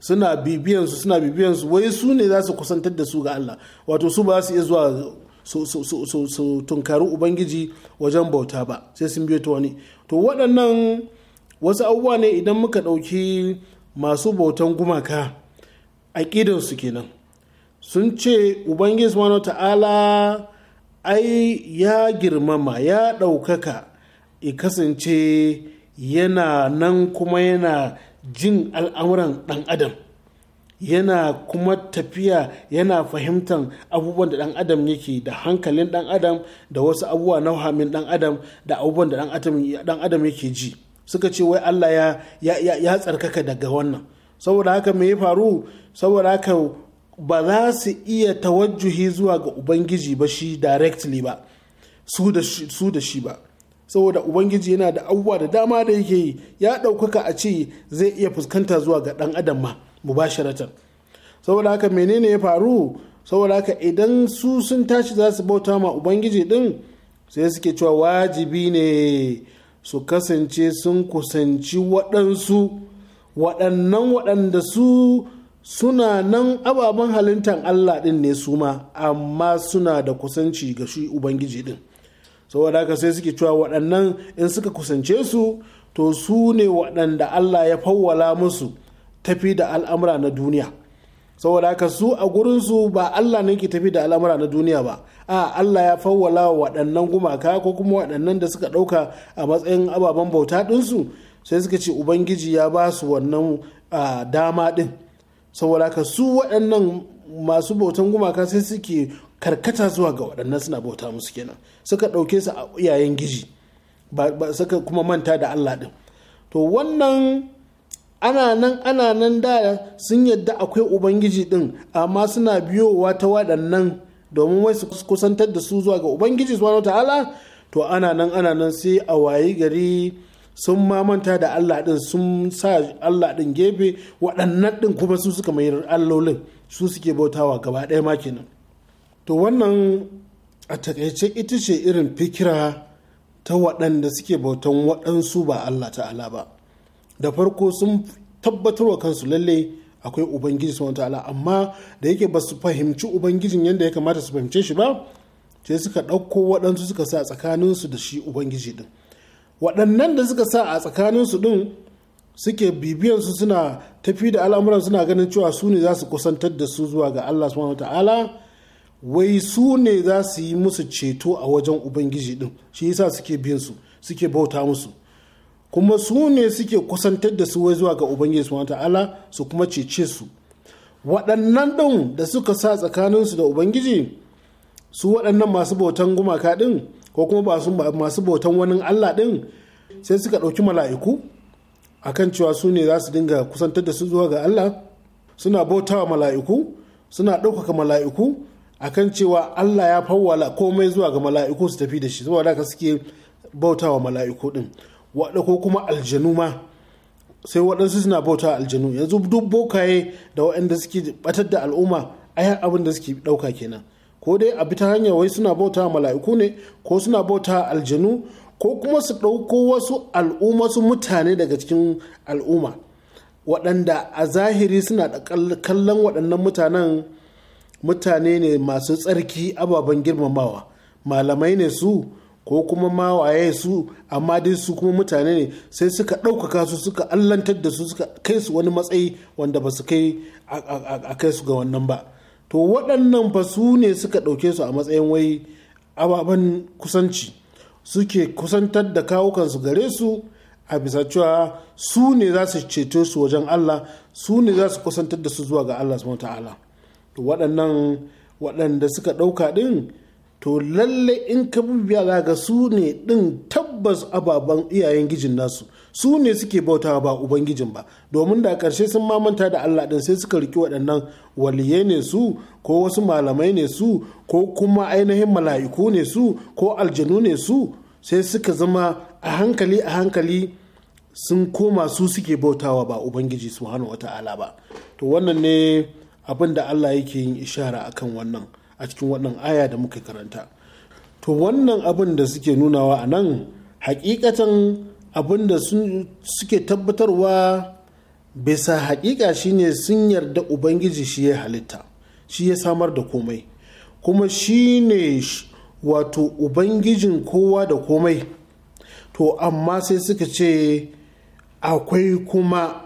suna bibiyansu suna bibiyansu wai su ne za su kusantar da su ga allah wato su ba su iya zuwa su tunkari ubangiji wajen bauta ba sai sun biyo ta wani to waɗannan wasu abubuwa ne idan muka ɗauki masu bautan gumaka aƙidansu kenan sun ce ubangiji ta'ala ai ya girmama ya ɗaukaka ya kasance yana nan kuma yana jin al'amuran ɗan adam yana kuma tafiya yana fahimtar abubuwan da ɗan adam yake da hankalin ɗan adam da wasu abubuwa na hamin ɗan adam da abubuwan da ɗan adam yake ji suka ce wai Allah ya, tsarkaka daga wannan saboda haka me ya faru saboda haka ba za su iya tawajjuhi zuwa ga ubangiji ba shi directly ba su da shi ba saboda ubangiji yana da abubuwa da dama da yake yi ya ɗaukaka a ce zai iya fuskanta zuwa ga ɗan adam ma mu ba mubasharatan saboda haka menene ya faru saboda haka idan su sun tashi za su bauta ma ubangiji ɗin sai suke cewa wajibi ne su kasance sun kusanci waɗansu waɗannan waɗanda su suna nan ababen halittar Allah ɗin ne su ma amma suna da kusanci ga shi Ubangiji ɗin saboda haka sai suke cewa waɗannan in suka kusance su to su ne waɗanda Allah ya fawwala musu tafi da al'amura na duniya saboda haka su a gurinsu ba Allah ne ke tafi da al'amura na duniya ba a Allah ya fawwala waɗannan gumaka ko kuma waɗannan da suka ɗauka a matsayin ababen bauta ɗinsu sai suka ce Ubangiji ya ba su wannan dama ɗin. saboda ka su waɗannan masu bautan gumaka sai suke karkata zuwa ga waɗannan suna bauta musu kenan suka ɗauke su a yayin giji ba suka kuma manta da Allah ɗin to wannan ana nan ana nan da sun yadda akwai ubangiji ɗin amma suna biyowa ta waɗannan domin wai su kusantar da su zuwa ga ubangiji zuwa ta'ala to ana nan ana nan sai a wayi gari sun mamanta da Allah din sun sa Allah ɗin gefe waɗannan din kuma su suka mai allolin su suke bautawa gaba ɗaya ma kenan to wannan a takaice ita ce irin fikira ta waɗanda suke bautan waɗansu ba Allah ta'ala ba da farko sun tabbatarwa kansu lalle akwai ubangiji subhanahu ta'ala amma da yake ba su fahimci ubangijin yadda ya kamata su fahimce shi ba sai suka ɗauko waɗansu suka sa tsakaninsu da shi ubangiji din waɗannan da suka sa a tsakaninsu ɗin suke bibiyansu suna tafi da al'amuran suna ganin cewa su ne za su kusantar da su zuwa ga Allah subhanahu wata'ala wai su ne za su yi musu ceto a wajen ubangiji din shi yasa suke bin su suke bauta musu kuma su ne suke kusantar da su wai zuwa ga ubangiji subhanahu wata'ala su kuma cece su waɗannan ɗin da suka sa tsakaninsu da ubangiji su waɗannan masu bautan gumaka ɗin ko kuma masu bautan wani allah ɗin sai suka ɗauki mala'iku a kan cewa su ne za su dinga kusantar da su zuwa ga allah suna bautawa mala'iku suna ɗaukaka mala'iku a kan cewa allah ya fawwala komai zuwa ga mala'iku su tafi da shi zuwa da suke bautawa mala'iku ɗin waɗa ko kuma aljanu ma sai waɗansu suna bautawa aljanu yanzu duk bokaye da waɗanda suke batar da al'umma ai abin da suke ɗauka kenan ko dai a bi ta hanyar wai suna bauta mala'iku ne ko suna bauta aljanu ko kuma su ɗauko wasu al'umma su mutane daga cikin al'umma waɗanda a zahiri suna kallon waɗannan mutanen mutane ne masu tsarki ababen girmamawa malamai ne su ko kuma mawaye su amma dai su kuma mutane ne sai suka ɗaukaka su suka allantar da su suka kai su wani matsayi wanda ba su kai a kai su ga wannan ba to waɗannan fa su ne suka ɗauke su a matsayin wai ababen kusanci suke kusantar da kawukansu gare su a bisa cewa su ne za su ceto su wajen Allah su ne za su kusantar da su zuwa ga Allah subhanahu ta'ala to waɗannan waɗanda suka ɗauka ɗin to lalle in ka bibiya ga su ne ɗin tabbas ababen iyayen gijin nasu su ne suke bautawa ba ubangijin ba domin da ƙarshe sun mamanta da allah ɗin sai suka riki waɗannan waliye ne su ko wasu malamai ne su ko kuma ainihin mala'iku ne su ko aljanu ne su sai suka zama a hankali a hankali sun koma su suke bautawa ba ubangiji subhanahu wata'ala ba to wannan ne abin da allah yake yin ishara akan wannan a cikin wannan aya da muka karanta to wannan abin da suke nunawa a nan hakikatan abinda suke tabbatarwa bisa haƙiƙa shine sun yarda ubangiji shi ya halitta shi ya samar da komai kuma shi ne wato ubangijin kowa da komai to amma sai suka ce akwai kuma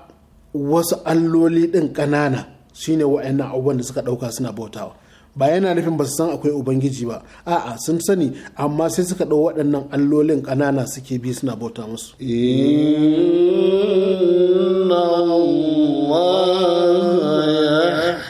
wasu alloli ɗin ƙanana shine wa'annan abubuwan da suka ɗauka suna bautawa ba yana nufin ba su san akwai ubangiji ba a'a sun sani amma sai suka ɗau waɗannan allolin ƙanana suke bi suna bauta musu inna Allah ya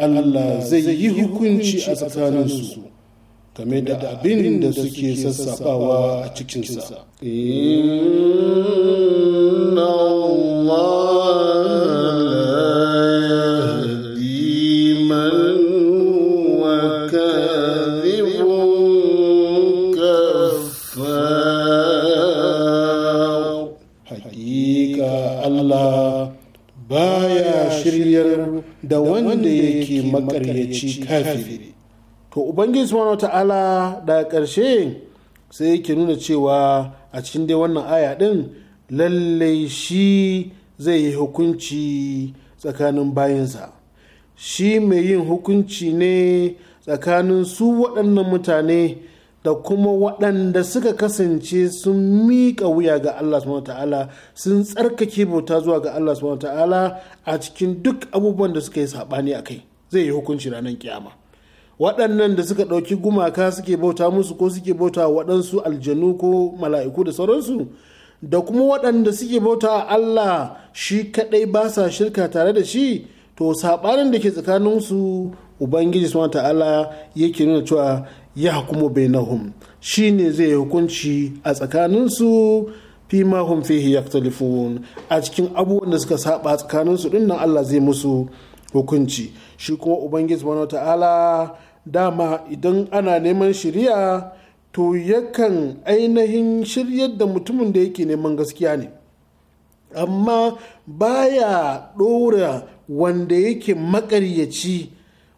Allah zai yi hukunci a tsakaninsu game da abin da suke sassafawa a cikinsa. Inna Allah makaryaci kafiri to ubangiji subhanahu ta'ala daga ƙarshe sai yake nuna cewa a cikin dai wannan aya din lallai shi zai yi hukunci tsakanin bayansa shi mai yin hukunci ne tsakanin su waɗannan mutane da kuma waɗanda suka kasance sun miƙa wuya ga Allah subhanahu sun tsarkake bauta zuwa ga Allah subhanahu a cikin duk abubuwan da suka yi saɓani a kai zai yi hukunci ranar kiyama waɗannan da suka ɗauki gumaka suke bauta musu ko suke bauta waɗansu aljanu ko mala'iku da sauransu da kuma waɗanda suke bauta Allah shi kaɗai ba sa shirka tare da shi to saɓanin da ke tsakaninsu ubangiji subhanahu ta'ala yake nuna cewa ya kuma bai hum shi ne zai yi hukunci a tsakaninsu fi ma hum fi a cikin abubuwan da suka saɓa tsakaninsu ɗin nan Allah zai musu hukunci shi kuma ubangiji subhanahu ta'ala dama idan ana neman shirya to yakan ainihin shiryar da mutumin da yake neman gaskiya ne amma baya ɗora wanda yake makaryaci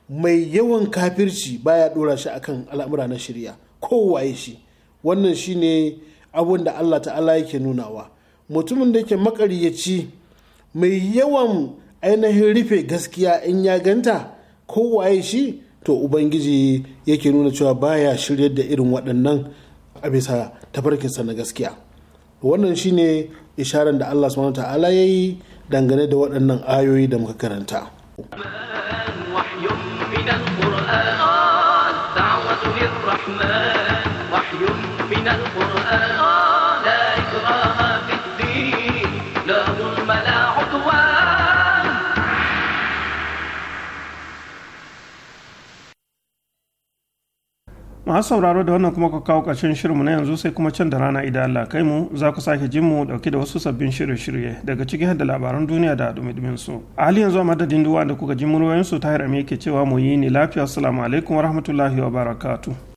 mai yawan kafirci baya ɗora shi akan al'amura na shirya kowaye shi wannan shine abin da allah ta'ala yake nunawa mutumin da yake makaryaci mai yawan ainihin rufe gaskiya in ya ganta kowaye shi to ubangiji yake nuna cewa baya shiryar da irin waɗannan a bisa tafarkinsa na gaskiya wannan shine isharar da allah subhanahu ta'ala ya yi dangane da waɗannan ayoyi da muka karanta. masu sauraro da wannan kuma ka kawo ƙarshen shirinmu na yanzu sai kuma can da rana idan Allah kai mu za ku sake jin mu dauke da wasu sabbin shirye-shirye daga har da labaran duniya da dumi su a hali yanzu a madadin duwa da kuka ji muryoyin su tahir ke cewa mu yi ni lafiya assalamu alaikum wa rahmatullahi wa barakatu.